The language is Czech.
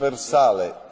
transversale